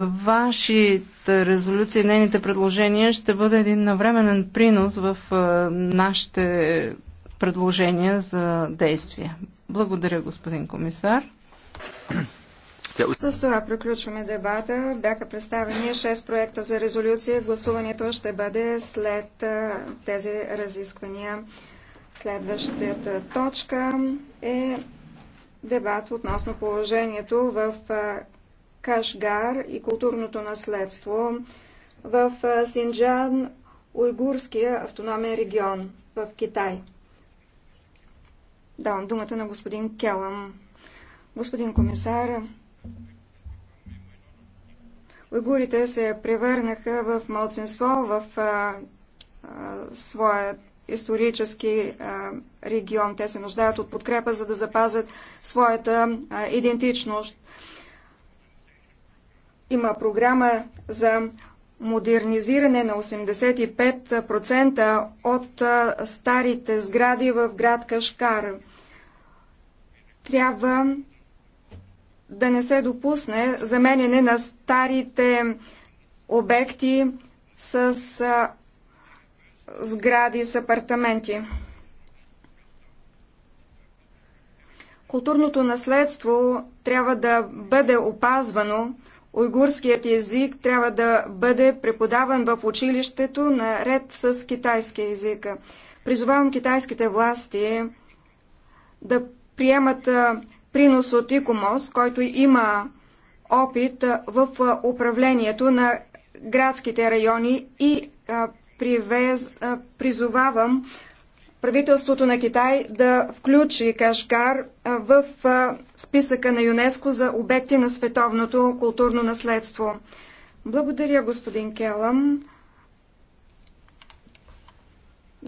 Вашите резолюции, нейните предложения ще бъде един навременен принос в нашите предложения за действия. Благодаря, господин комисар. С това приключваме дебата. Бяха представени 6 проекта за резолюция. Гласуването ще бъде след тези разисквания. Следващата точка е дебат относно положението в Кашгар и културното наследство в Синджан, уйгурския автономен регион в Китай. Давам думата на господин Келъм. Господин комисар, уйгурите се превърнаха в мълцинство в а, а, своя исторически а, регион. Те се нуждаят от подкрепа, за да запазят своята а, идентичност. Има програма за модернизиране на 85% от старите сгради в град Кашкар. Трябва да не се допусне заменяне на старите обекти с сгради с апартаменти. Културното наследство трябва да бъде опазвано, Уйгурският език трябва да бъде преподаван в училището наред с китайския език. Призовавам китайските власти да приемат принос от ИКОМОС, който има опит в управлението на градските райони и привез, призовавам правителството на Китай да включи Кашгар в списъка на ЮНЕСКО за обекти на световното културно наследство. Благодаря, господин Келъм.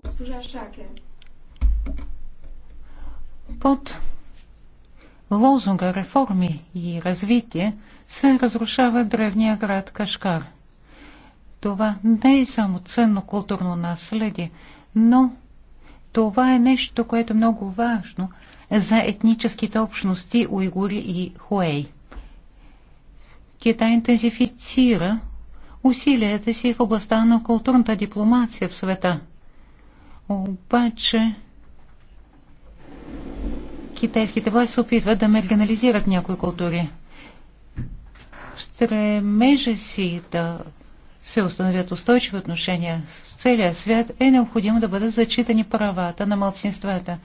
Госпожа Шаке. Под лозунга реформи и развитие се разрушава древния град Кашкар. Това не е само ценно културно наследие, но това е нещо, което е много важно за етническите общности уйгури и хуей. Китай интензифицира усилията си в областта на културната дипломация в света. Обаче китайските власти се опитват да маргинализират някои култури. В стремежа си да се установят устойчиви отношения с целия свят, е необходимо да бъдат зачитани правата на мълцинствата.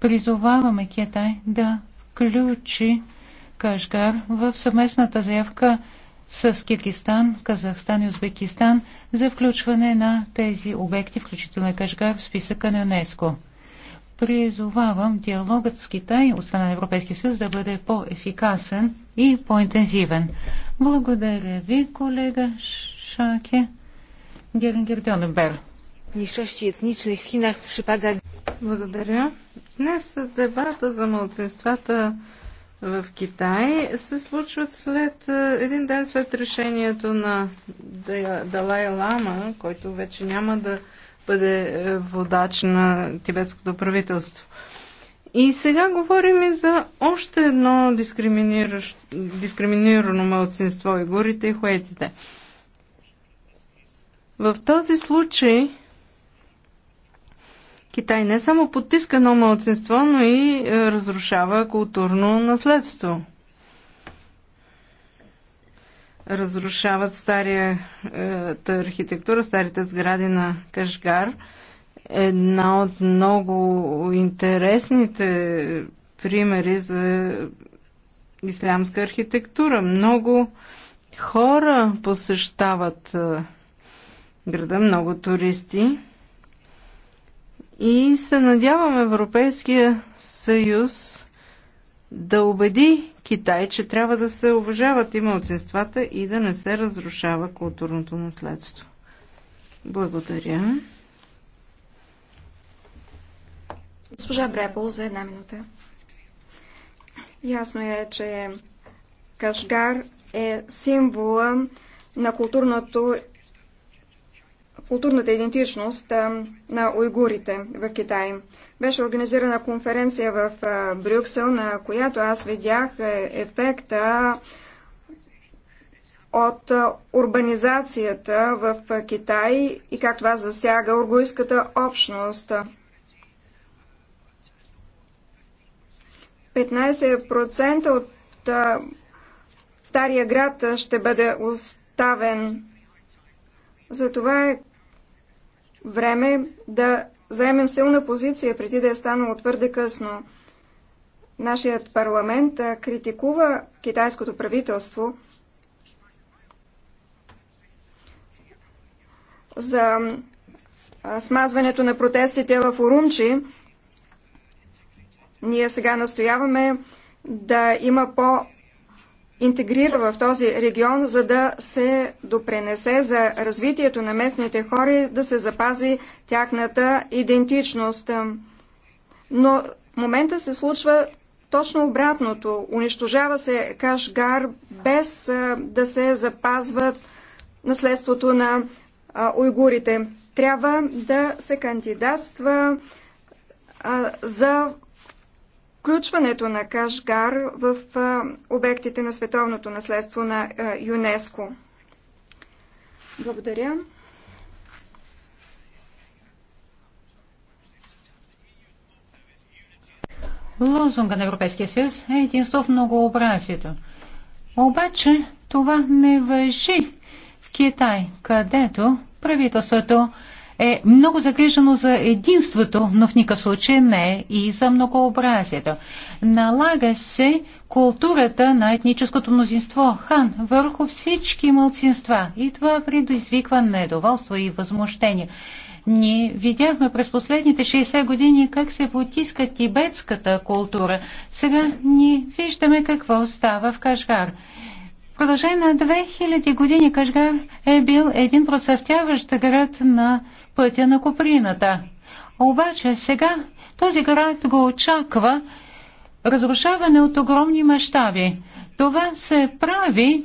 Призоваваме Китай да включи Кашгар в съвместната заявка с Киргистан, Казахстан и Узбекистан за включване на тези обекти, включително и Кашгар, в списъка на ЮНЕСКО. Призовавам диалогът с Китай от страна на Европейския съюз да бъде по-ефикасен и по-интензивен. Благодаря ви, колега wszelkie. Герингер-Дюненбер. Мишъщи етнични в Хинах Благодаря. Днес дебата за младсинствата в Китай се случват след е, един ден след решението на Далай Лама, който вече няма да бъде е, водач на тибетското правителство. И сега говорим и за още едно дискриминирано мълцинство, горите и хуетите. В този случай Китай не само потиска едно малцинство, но и е, разрушава културно наследство. Разрушават старията е, архитектура, старите сгради на Кашгар. Една от много интересните примери за ислямска архитектура. Много хора посещават е, града, много туристи. И се надявам Европейския съюз да убеди Китай, че трябва да се уважават и младсинствата и да не се разрушава културното наследство. Благодаря. Госпожа Брепол за една минута. Ясно е, че Кашгар е символа на културното културната идентичност на уйгурите в Китай. Беше организирана конференция в Брюксел, на която аз видях е, ефекта от урбанизацията в Китай и как това засяга ургуйската общност. 15% от стария град ще бъде оставен затова е време да заемем силна позиция, преди да е станало твърде късно. Нашият парламент критикува китайското правителство за смазването на протестите в Урумчи. Ние сега настояваме да има по интегрира в този регион, за да се допренесе за развитието на местните хора и да се запази тяхната идентичност. Но в момента се случва точно обратното. Унищожава се Кашгар без да се запазват наследството на уйгурите. Трябва да се кандидатства за включването на Кашгар в обектите на световното наследство на ЮНЕСКО. Благодаря. Лозунга на Европейския съюз е единство в многообразието. Обаче това не въжи в Китай, където правителството е много загрижено за единството, но в никакъв случай не и за многообразието. Налага се културата на етническото мнозинство хан върху всички мълцинства и това предизвиква недоволство и възмущение. Ние видяхме през последните 60 години как се потиска тибетската култура. Сега ни виждаме какво става в Кашгар. В продължение на 2000 години Кашгар е бил един процъфтяващ град на пътя на Куприната. Обаче сега този град го очаква разрушаване от огромни мащаби. Това се прави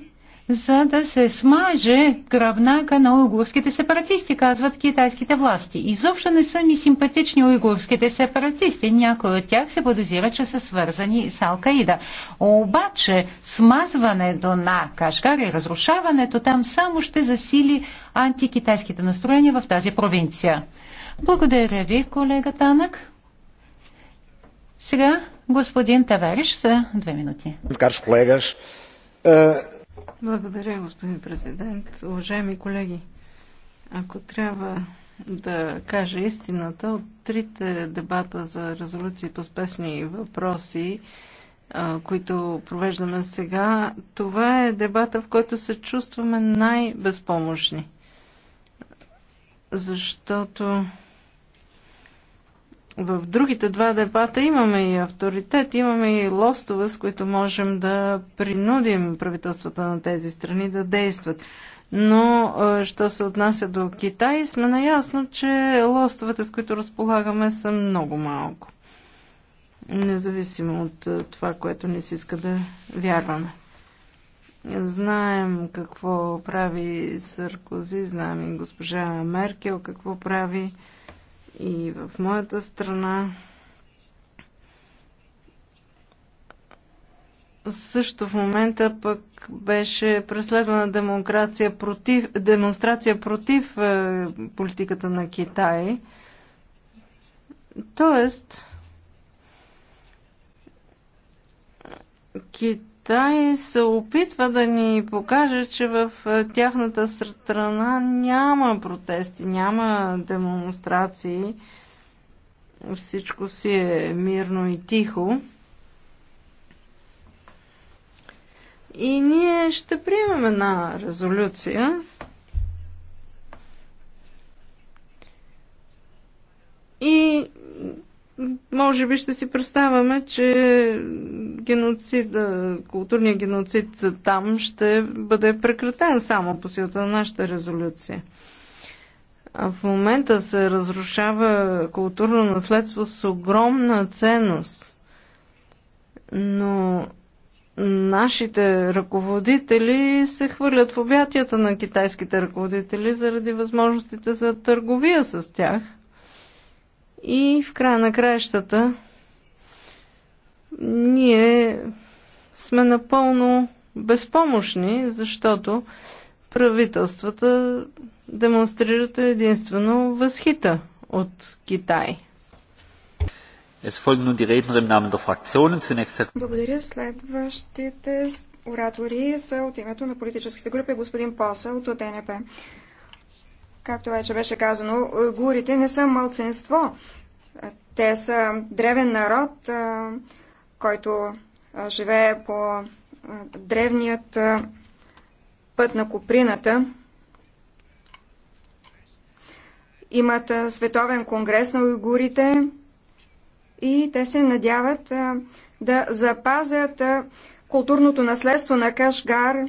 за да се смаже гръбнака на уйгурските сепаратисти, казват китайските власти. Изобщо не са ми симпатични уйгурските сепаратисти. Някои от тях се подозира, че са свързани с Алкаида. Обаче смазването на Кашгар и разрушаването там само ще засили антикитайските настроения в тази провинция. Благодаря ви, колега Танък. Сега господин Тавериш за две минути. Карш колегаш, е, благодаря, господин президент. Уважаеми колеги, ако трябва да кажа истината, от трите дебата за резолюции по спешни въпроси, които провеждаме сега, това е дебата, в който се чувстваме най-безпомощни. Защото в другите два дебата имаме и авторитет, имаме и лостове, с които можем да принудим правителствата на тези страни да действат. Но, що се отнася до Китай, сме наясно, че лостовете, с които разполагаме, са много малко. Независимо от това, което не си иска да вярваме. Знаем какво прави Саркози, знаем и госпожа Меркел, какво прави и в моята страна също в момента пък беше преследвана демокрация против, демонстрация против е, политиката на Китай. Тоест, Китай и се опитва да ни покаже, че в е, тяхната страна няма протести, няма демонстрации. Всичко си е мирно и тихо. И ние ще приемем една резолюция. И може би ще си представяме, че геноцид, културният геноцид там ще бъде прекратен само по силата на нашата резолюция. А в момента се разрушава културно наследство с огромна ценност. Но нашите ръководители се хвърлят в обятията на китайските ръководители заради възможностите за търговия с тях – и в края на краищата ние сме напълно безпомощни, защото правителствата демонстрират единствено възхита от Китай. Благодаря. Следващите оратори са от името на политическите групи господин Посъл от ДНП. Както вече беше казано, уйгурите не са мълценство. Те са древен народ, който живее по древният път на Куприната. Имат световен конгрес на уйгурите и те се надяват да запазят културното наследство на Кашгар,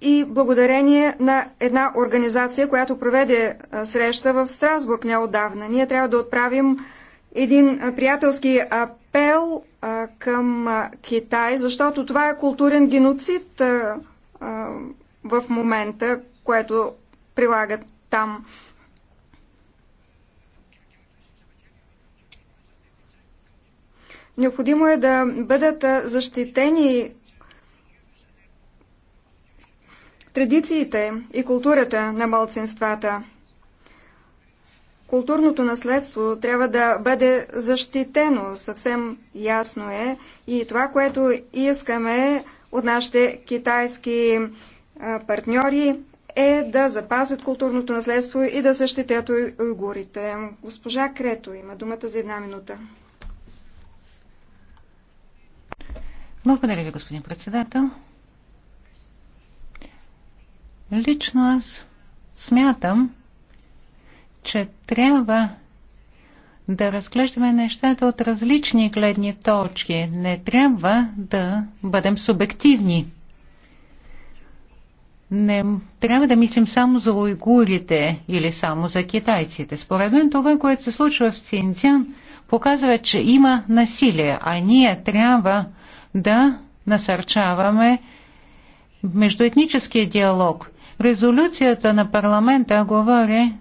и благодарение на една организация, която проведе среща в Страсбург неодавна. Ние трябва да отправим един приятелски апел към Китай, защото това е културен геноцид в момента, което прилагат там. Необходимо е да бъдат защитени традициите и културата на малцинствата. Културното наследство трябва да бъде защитено, съвсем ясно е, и това, което искаме от нашите китайски партньори е да запазят културното наследство и да защитят уйгурите. Госпожа Крето има думата за една минута. Благодаря ви, господин председател. Лично аз смятам, че трябва да разглеждаме нещата от различни гледни точки. Не трябва да бъдем субективни. Не трябва да мислим само за уйгурите или само за китайците. Според мен това, което се случва в Синцян, показва, че има насилие, а ние трябва да насърчаваме междуетническия диалог. Резолюцията на парламента говори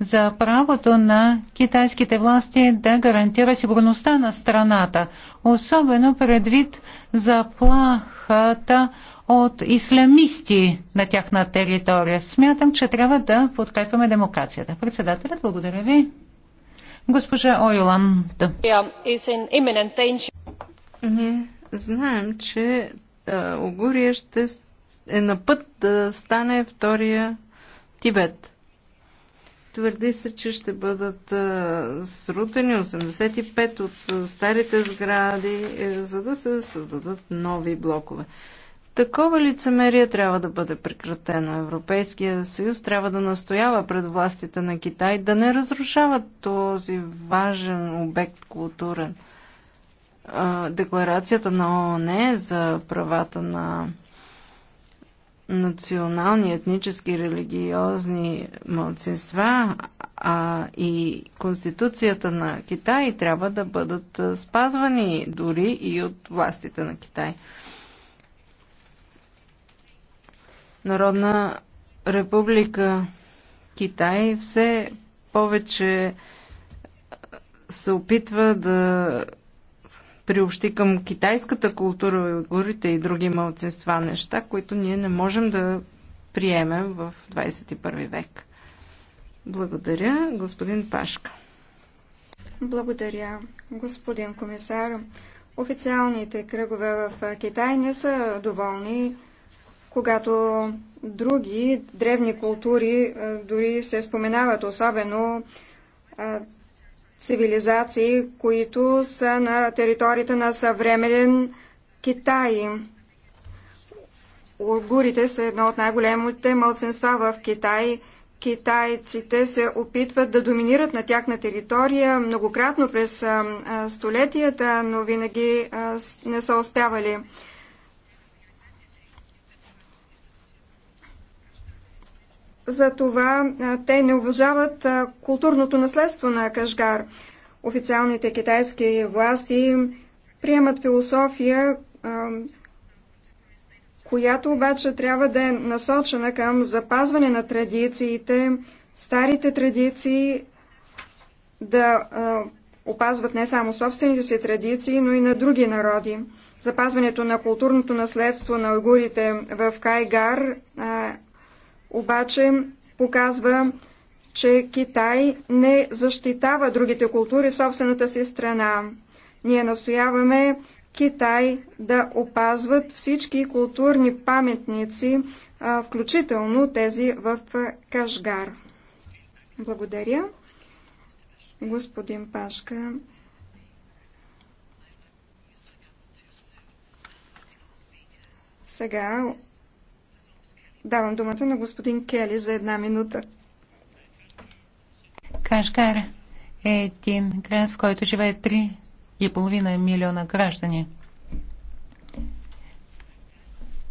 за правото на китайските власти да гарантира сигурността на страната, особено предвид заплахата от ислямисти на тяхна територия. Смятам, че трябва да подкрепяме демокрацията. Председателят, благодаря ви. Госпожа Ойланд. Ние знаем, че Огурия ще е на път да стане втория Тибет. Твърди се, че ще бъдат срутени 85 от старите сгради, е, за да се създадат нови блокове. Такова лицемерие трябва да бъде прекратено. Европейския съюз трябва да настоява пред властите на Китай да не разрушават този важен обект културен. Декларацията на ООН за правата на национални, етнически, религиозни младсинства, а и Конституцията на Китай трябва да бъдат спазвани дори и от властите на Китай. Народна република Китай все повече се опитва да приобщи към китайската култура, уйгурите и други малцинства неща, които ние не можем да приемем в 21 век. Благодаря, господин Пашка. Благодаря, господин комисар. Официалните кръгове в Китай не са доволни, когато други древни култури дори се споменават, особено цивилизации, които са на територията на съвременен Китай. Уйгурите са едно от най-големите мълценства в Китай. Китайците се опитват да доминират на тяхна територия многократно през столетията, но винаги не са успявали. за това те не уважават културното наследство на Кашгар. Официалните китайски власти приемат философия, която обаче трябва да е насочена към запазване на традициите, старите традиции да опазват не само собствените си традиции, но и на други народи. Запазването на културното наследство на уйгурите в Кайгар обаче показва, че Китай не защитава другите култури в собствената си страна. Ние настояваме Китай да опазват всички културни паметници, включително тези в Кашгар. Благодаря. Господин Пашка. Сега Давам думата на господин Кели за една минута. Кашкар е един град, в който живеят 3,5 милиона граждани.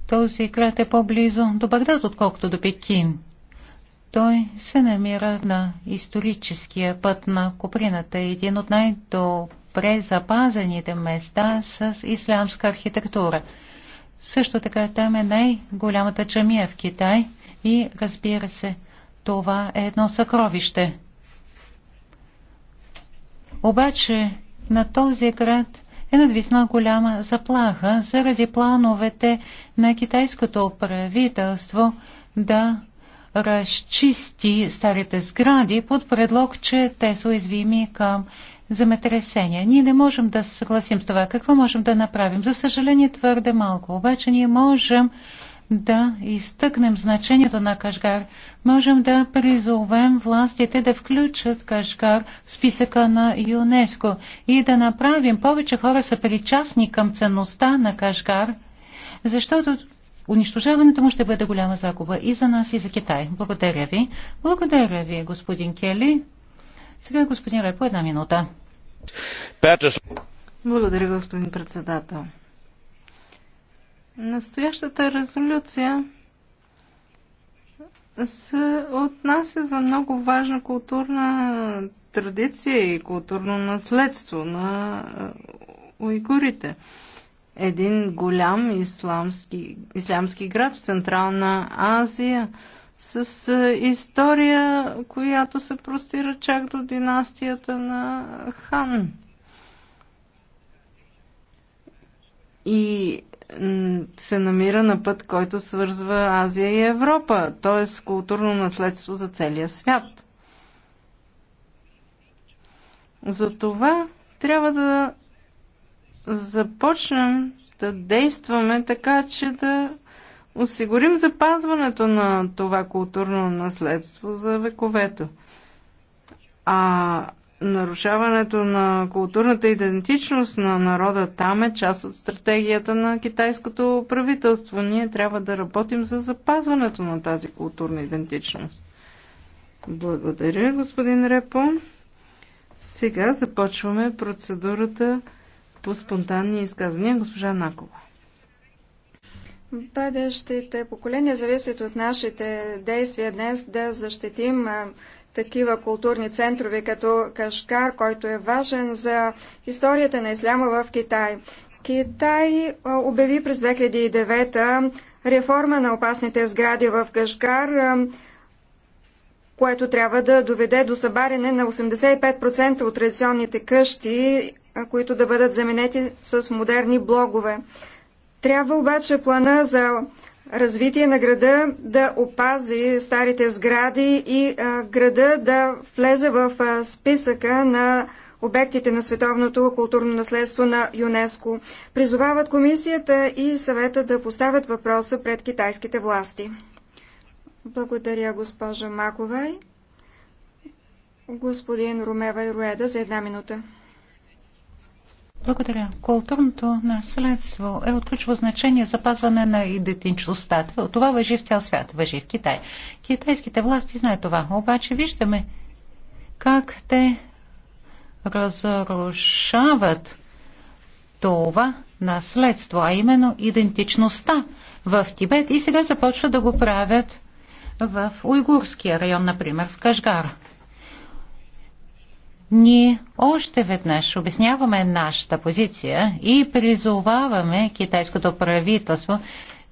Този град е по-близо до Багдад, отколкото до Пекин. Той се намира на историческия път на Куприната, един от най-добре запазените места с ислямска архитектура – също така е там е най-голямата джамия в Китай и разбира се, това е едно съкровище. Обаче на този град е надвисна голяма заплаха заради плановете на китайското правителство да разчисти старите сгради под предлог, че те са уязвими към земетресения. Ние не можем да се съгласим с това. Какво можем да направим? За съжаление твърде малко, обаче ние можем да изтъкнем значението на Кашгар. Можем да призовем властите да включат Кашгар в списъка на ЮНЕСКО и да направим повече хора са причастни към ценността на Кашгар, защото унищожаването му ще бъде голяма загуба и за нас, и за Китай. Благодаря ви. Благодаря ви, господин Кели. Сега господин Репо, една минута. Благодаря, господин председател. Настоящата резолюция се отнася за много важна културна традиция и културно наследство на е, уйгурите. Един голям исламски, ислямски град в Централна Азия – с история, която се простира чак до династията на Хан. И се намира на път, който свързва Азия и Европа, т.е. културно наследство за целия свят. Затова трябва да започнем да действаме така, че да осигурим запазването на това културно наследство за вековето. А нарушаването на културната идентичност на народа там е част от стратегията на китайското правителство. Ние трябва да работим за запазването на тази културна идентичност. Благодаря, господин Репо. Сега започваме процедурата по спонтанни изказвания. Госпожа Накова. Бъдещите поколения зависят от нашите действия днес да защитим такива културни центрове като Кашкар, който е важен за историята на исляма в Китай. Китай обяви през 2009 реформа на опасните сгради в Кашкар, което трябва да доведе до събаряне на 85% от традиционните къщи, които да бъдат заменети с модерни блогове. Трябва обаче плана за развитие на града да опази старите сгради и града да влезе в списъка на обектите на световното културно наследство на ЮНЕСКО. Призовават комисията и съвета да поставят въпроса пред китайските власти. Благодаря, госпожа Маковай. Господин Румева и Руеда за една минута. Благодаря. Културното наследство е от ключово значение за пазване на идентичността. Това въжи в цял свят, въжи в Китай. Китайските власти знаят това, обаче виждаме как те разрушават това наследство, а именно идентичността в Тибет и сега започват да го правят в уйгурския район, например, в Кашгар ние още веднъж обясняваме нашата позиция и призоваваме китайското правителство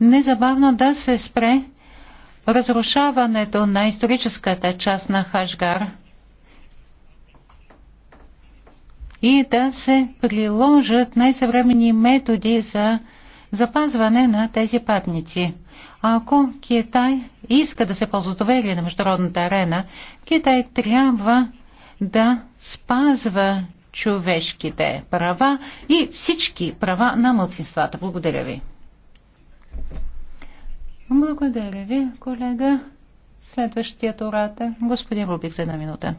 незабавно да се спре разрушаването на историческата част на Хашгар и да се приложат най-съвременни методи за запазване на тези патници. Ако Китай иска да се ползва доверие на международната арена, Китай трябва да спазва човешките права и всички права на мълцинствата. Благодаря ви. Благодаря ви, колега. Следващият оратор, господин Рубик, за една минута.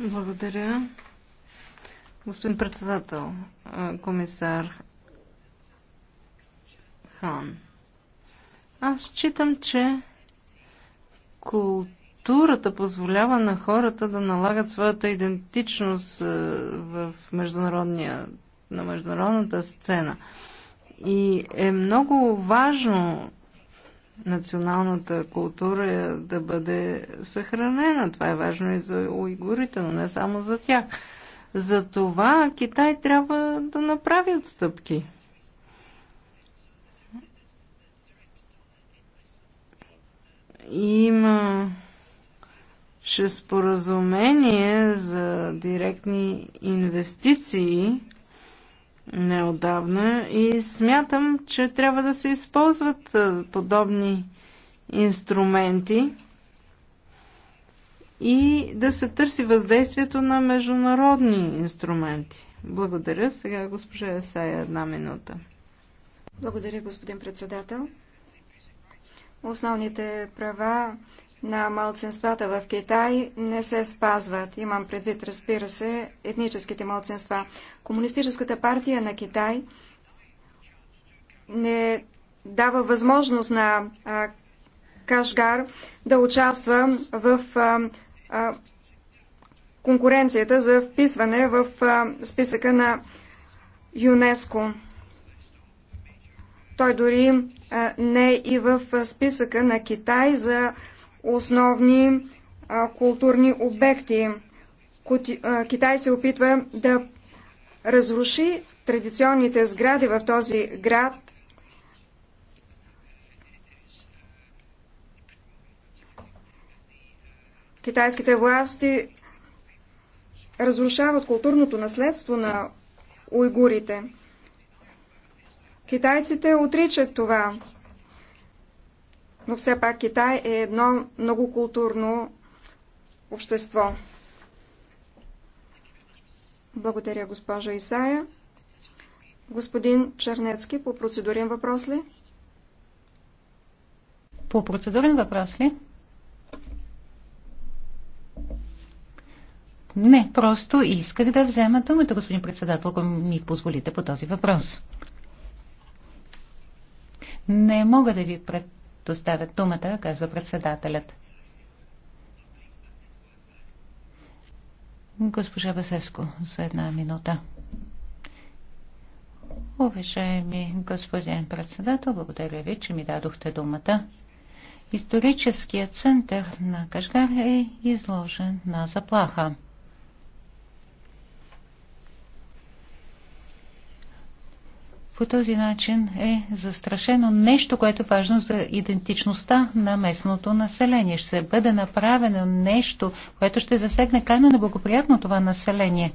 Благодаря. Господин председател, комисар Хан, аз считам, че култура културата позволява на хората да налагат своята идентичност е, в международния, на международната сцена. И е много важно националната култура да бъде съхранена. Това е важно и за уйгурите, но не само за тях. За това Китай трябва да направи отстъпки. Има ще споразумение за директни инвестиции неодавна и смятам, че трябва да се използват подобни инструменти и да се търси въздействието на международни инструменти. Благодаря. Сега госпожа Есая една минута. Благодаря, господин председател. Основните права на малцинствата в Китай не се спазват. Имам предвид, разбира се, етническите малцинства. Комунистическата партия на Китай не дава възможност на а, Кашгар да участва в а, а, конкуренцията за вписване в а, списъка на ЮНЕСКО. Той дори а, не е и в списъка на Китай за основни а, културни обекти. Кути, а, Китай се опитва да разруши традиционните сгради в този град. Китайските власти разрушават културното наследство на уйгурите. Китайците отричат това но все пак Китай е едно многокултурно общество. Благодаря, госпожа Исая. Господин Чернецки, по процедурен въпрос ли? По процедурен въпрос ли? Не, просто исках да взема думата, господин председател, ако ми позволите по този въпрос. Не мога да ви пред доставят думата, казва председателят. Госпожа Басеско, за една минута. Уважаеми господин председател, благодаря ви, че ми дадохте думата. Историческият център на Кашгар е изложен на заплаха. По този начин е застрашено нещо, което е важно за идентичността на местното население. Ще бъде направено нещо, което ще засегне крайно неблагоприятно това население.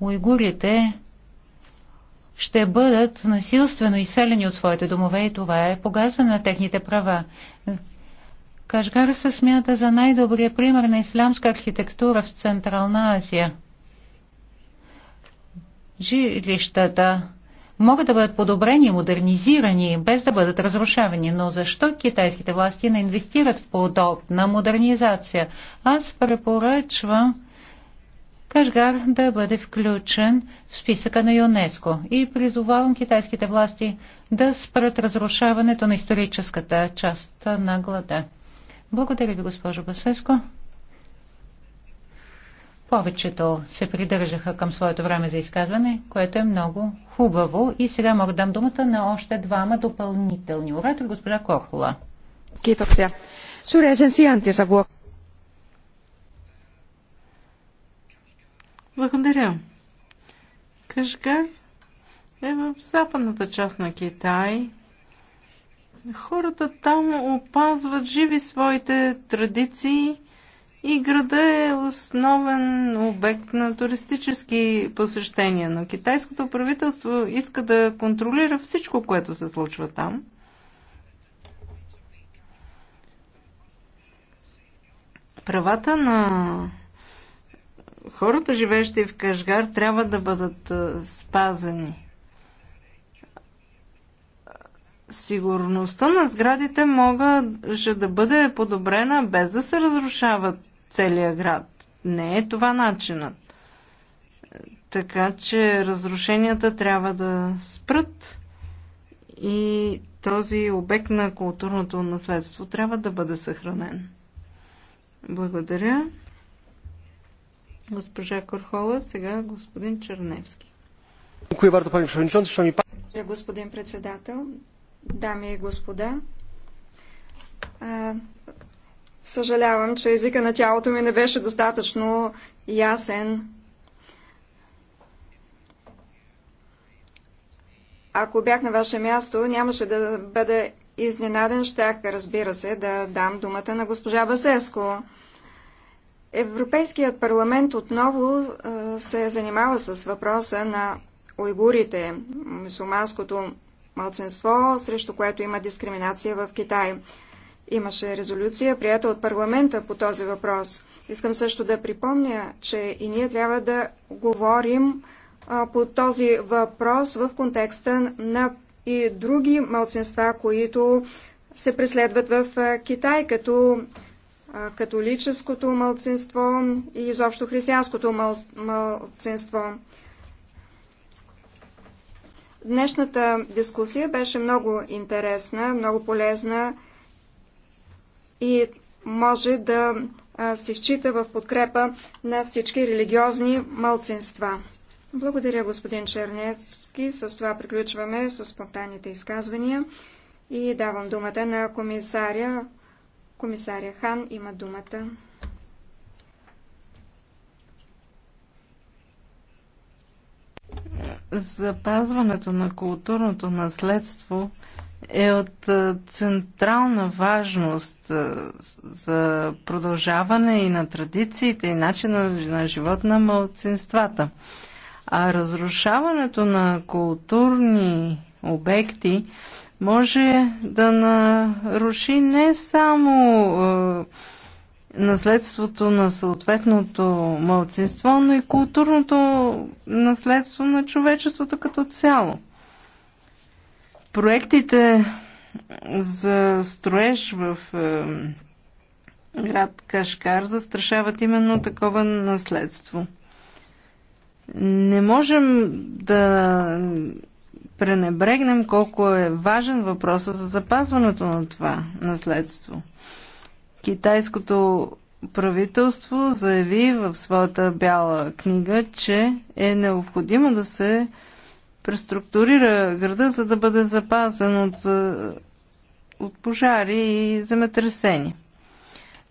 Уйгурите ще бъдат насилствено изселени от своите домове и това е погазване на техните права. Кашгар се смята за най-добрия пример на ислямска архитектура в Централна Азия – жилищата могат да бъдат подобрени, и модернизирани, без да бъдат разрушавани. Но защо китайските власти не инвестират в подобна модернизация? Аз препоръчвам Кашгар да бъде включен в списъка на ЮНЕСКО и призовавам китайските власти да спрат разрушаването на историческата част на глада. Благодаря ви, госпожо Басеско. Повечето се придържаха към своето време за изказване, което е много хубаво. И сега мога да дам думата на още двама допълнителни оратори, госпожа Корхола. Kiitoksia. Сурезен sijaintinsa vuoksi. Благодаря. Кашгар е в западната част на Китай. Хората там опазват живи своите традиции и града е основен обект на туристически посещения, но китайското правителство иска да контролира всичко, което се случва там. Правата на хората, живеещи в Кашгар, трябва да бъдат спазени. Сигурността на сградите може да бъде подобрена без да се разрушават целия град. Не е това начинът. Така че разрушенията трябва да спрат и този обект на културното наследство трябва да бъде съхранен. Благодаря. Госпожа Корхола, сега господин Черневски. Господин председател, дами и господа, Съжалявам, че езика на тялото ми не беше достатъчно ясен. Ако бях на ваше място, нямаше да бъде изненаден, щях, разбира се, да дам думата на госпожа Басеско. Европейският парламент отново се е занимава с въпроса на уйгурите, мусулманското мълценство, срещу което има дискриминация в Китай. Имаше резолюция, прията от парламента по този въпрос. Искам също да припомня, че и ние трябва да говорим а, по този въпрос в контекста на и други малцинства, които се преследват в Китай, като католическото мълцинство и изобщо християнското мал, мълцинство. Днешната дискусия беше много интересна, много полезна и може да се счита в подкрепа на всички религиозни мълцинства. Благодаря, господин Чернецки. С това приключваме с спонтанните изказвания и давам думата на комисаря. Комисаря Хан има думата. Запазването на културното наследство е от е, централна важност е, за продължаване и на традициите и начина на живот на малцинствата. А разрушаването на културни обекти може да наруши не само е, наследството на съответното малцинство, но и културното наследство на човечеството като цяло. Проектите за строеж в е, град Кашкар застрашават именно такова наследство. Не можем да пренебрегнем колко е важен въпрос за запазването на това наследство. Китайското правителство заяви в своята бяла книга, че е необходимо да се преструктурира града, за да бъде запазен от, е, от пожари и земетресени.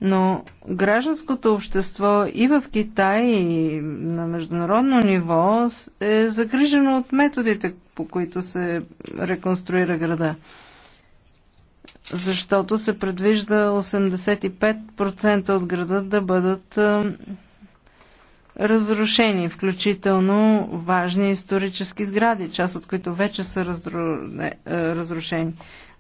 Но гражданското общество и в Китай, и на международно ниво е загрижено от методите, по които се реконструира града. Защото се предвижда 85% от града да бъдат е, разрушени, включително важни исторически сгради, част от които вече са е, разрушени.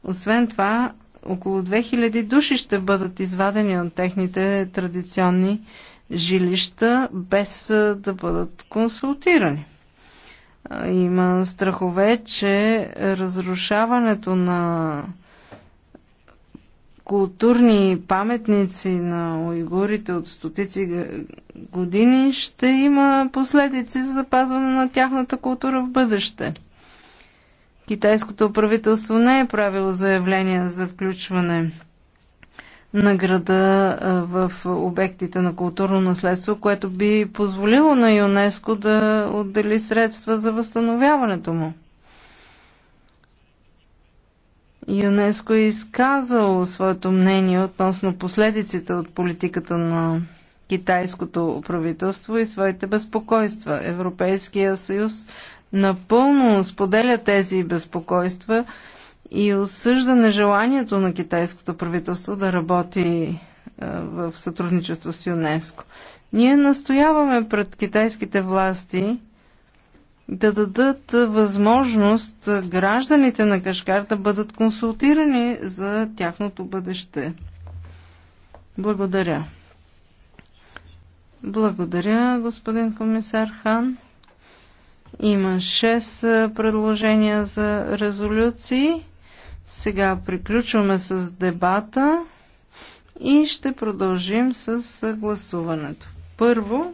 Освен това, около 2000 души ще бъдат извадени от техните традиционни жилища, без е, да бъдат консултирани. Е, има страхове, че разрушаването на културни паметници на уйгурите от стотици години ще има последици за запазване на тяхната култура в бъдеще. Китайското правителство не е правило заявление за включване на града в обектите на културно наследство, което би позволило на ЮНЕСКО да отдели средства за възстановяването му. ЮНЕСКО е изказало своето мнение относно последиците от политиката на китайското правителство и своите безпокойства. Европейския съюз напълно споделя тези безпокойства и осъжда нежеланието на китайското правителство да работи е, в сътрудничество с ЮНЕСКО. Ние настояваме пред китайските власти да дадат възможност гражданите на Кашкар да бъдат консултирани за тяхното бъдеще. Благодаря. Благодаря, господин комисар Хан. Има 6 предложения за резолюции. Сега приключваме с дебата и ще продължим с гласуването. Първо,